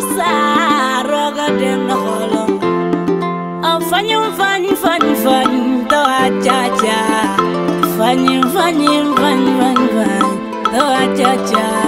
saa rooga dem na xolam am fañim fañim fañim fañim tawa caaca fañim fañim fañim fañim tawa caaca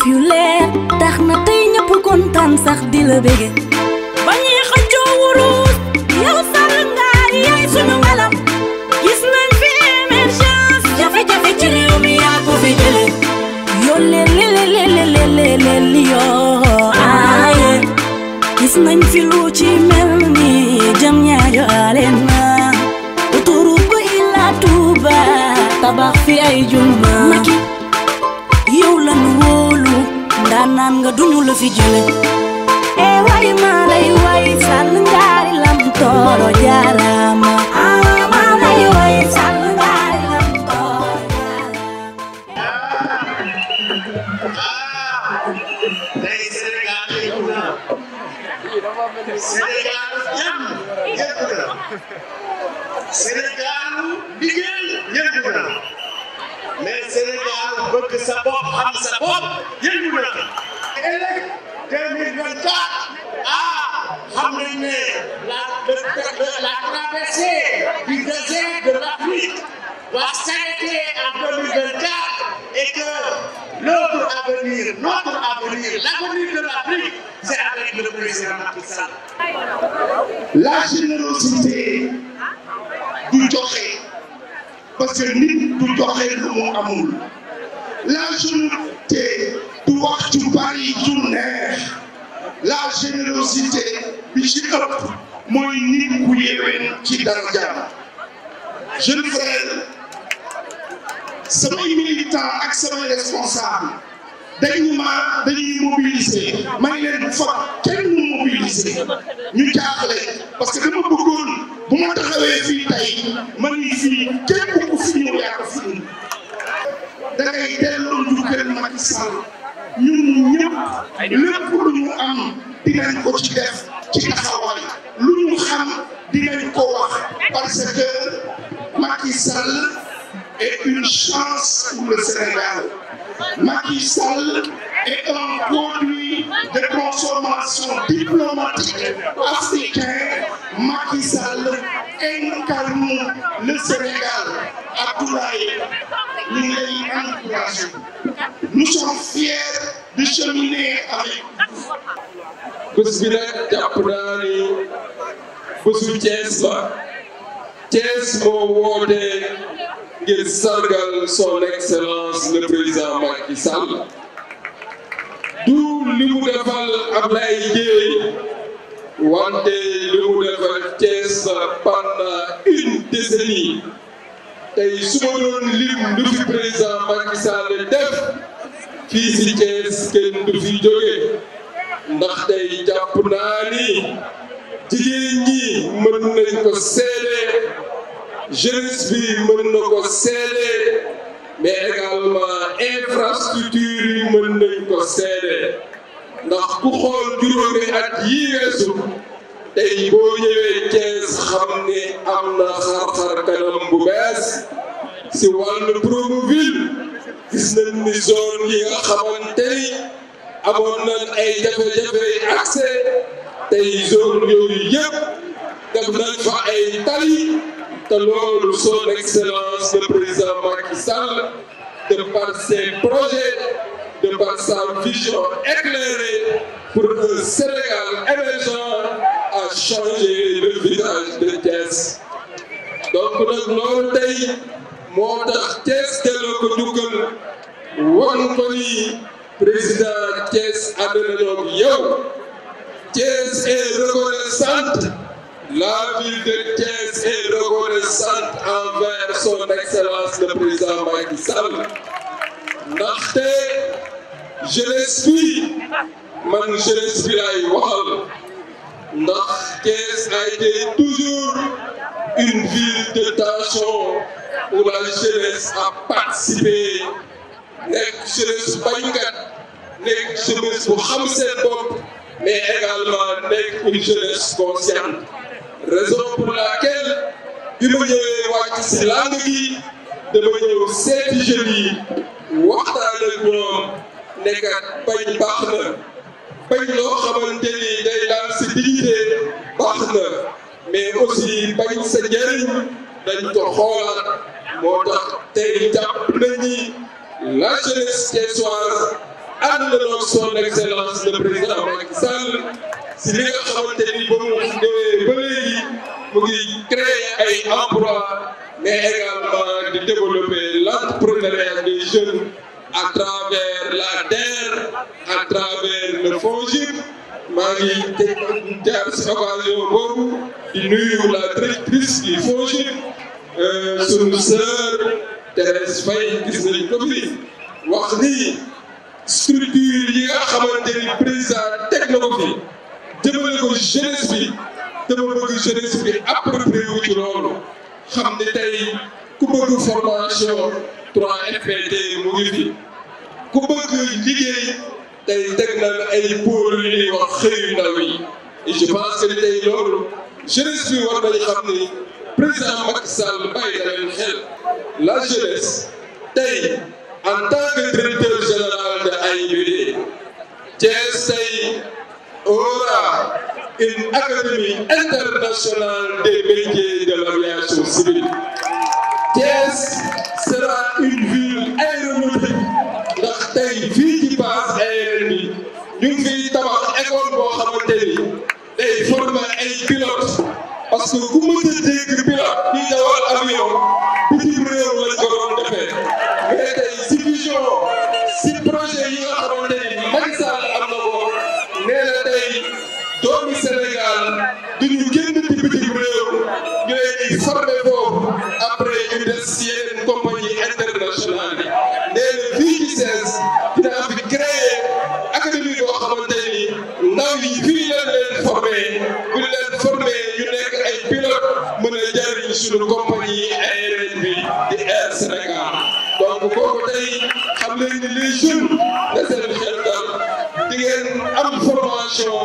jëf yu leer tax na tey ñëpp kontaan sax di la bége ba ñuy xëccoo wurus yow sàll ngaar yaay suñu ngalam gis nañ fi émergence jafe-jafe ci réew mi yaa ko fi jële yoo leen leleleleleleleel yoo aaye gis nañ fi lu ci mel ni jam ñaajo aleen ma autoroute ba Ila Touba tabax fi ay juma ndaanaan nga duñu la fi jële e eh, way maa lay way sàll ngaari lam tooro jaara bëgg sa bopp xam sa bopp yëngu na ëllëg 2024 ah xam nañ ne la la traversée du désert de l'Afrique va s'arrêter en 2024 et que l'autre avenir, notre avenir, l'avenir de l'Afrique, c'est avec le président Macky Sall. La générosité du joxe parce que nit du joxe lu mu amul. la générosité du wax ju bari ju neex la générosité bi ci ëpp mooy nit ku yéwén ci dara jàmm jeune frère samay militant ak samay responsable dañu ma dañuy mobiliser ma ne leen foog kenn mu ñu jaaxle parce que dama bëggoon bu ma taxawee fii tey ma ni fii kenn day delloo njukkal Macky Sall ñun ñëpp lépp am dinañ ko ci def lu ñu xam dinañ ko parce que Macky est une chance pour le Sénégal Macky est un produit de consommation diplomatique africain Macky incarne le Sénégal Abdoulaye coopération. Nous sommes fiers de cheminer avec vous. jàpp naa ni bésu Thiès la Thiès moo woote ngir sargal son excellence le président Macky Sall. du li mu defal Ablaye Dièye wante li mu defal Thiès pendant une décennie. tey su ma doon lim lu fi président Macky Sall def fii si Thiès kenn du fi ndax tey jàpp naa ni ñi mën nañ ko seede jeunesse bi mën na ko seede mais également infrastructure yi mën nañ ko seede ndax ku xool juróomi at yii weesu tey boo ñëwee Thiès xam ne am na xar-xar kanam bu bees si wàllu Promoville gis nañ ni zone yi nga xamante ni ay jafe-jafe accès tey zone yooyu yëpp def fa ay tali te loolu son excellence le président Macky Sall de par ses projets de par sa vision pour un Sénégal émergent changer le visage de Thiès donc nag loolu tey moo tax Thiès delloo ko njukkal wan ko ni président Thiès ànd na ñoom yow Thiès est reconnaissante la ville de Thiès est reconnaissante envers son excellence le président Macky Sall ndaxte jeunesse bi man jeunesse bi laay waxal ndax Thiès a été toujours une ville de tension où la jeunesse a participé nekk jeunesse bañkat nekk jeunesse bu xam seen bopp mais également nekk une jeunesse consciente raison pour laquelle bi ma ñëwee wàcc si langue gi dama ñëw seeti jeunes yi waxtaan ak ñoom baax na bañ loo xamante ni day wax na mais aussi bañ sa njëriñ dañ ko xoolaat moo tax tey jàpp nañu la jeunesse thiessoise ànd na donc son excellence le président Macky Sall si li nga xamante ni ba mu ñëwee ba léegi mu ngi créer ay emploi mais également di développer l'entrepreneuriat des jeunes à travers la DER à travers le FONGIP maa ngi jaar si occasion boobu di nuyu la directrice du FONGIP euh, sunu sœur Thérèse Faye gis nañ ko fi wax ni structure yi nga xamante ni président teg na ko fi jëmale ko jeunesse bi te xam ne tey ku bëgg formation 3FPT mu ngi fi ku bëgg liggéey. tey teg ay pôles yu ñuy wax xëyu ndaw yi et je war nañu xam ni président Macky Sall bàyyi na leen xel la jeunesse tey en tant que directeur général de AIBD Thiès tey aura une académie internationale des métiers de l'aviation civile Thiès sera une si projet yi nga xamante am na ko nee na tey doomu Sénégal duñu génn ci bitim après ñu des si yeneen compagnie internationale yi nee na fii ci CES dina am fi créé académie boo xamante ni ndaw yi fii leen leen formé bu leen formé ay a jariñ ne les jeunes de Sénégal di ngeen am formation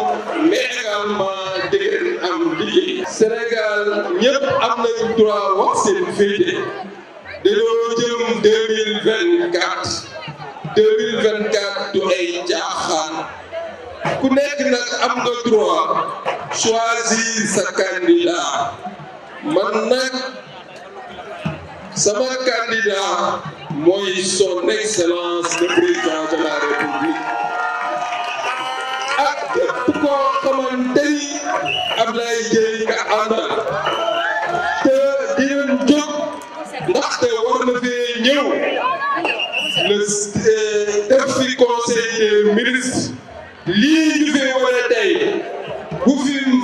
mais également di ngeen am liggéey. Sénégal ñëpp am nañ droit wax seen féete dañoo jëm deux mille vingt quatre du ay jaaxaan. ku nekk nag am nga droit choisir sa candidat man nag. sama candidat mooy son excellence le président de la république ak képp koo xamante ni Ablaye Dieye nga àndal te dinañ jóg ndaxte war na fee ñëw le eh, def fi conseil des ministres lii ñu fi tey bu fi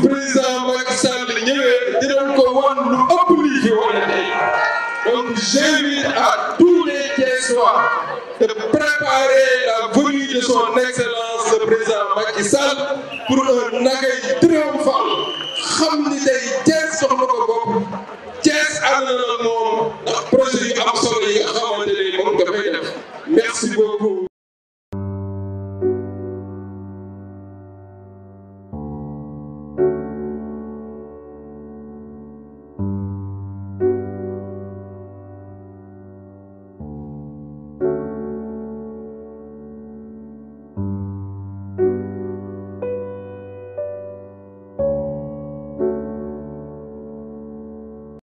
Macky Sall pour un accueil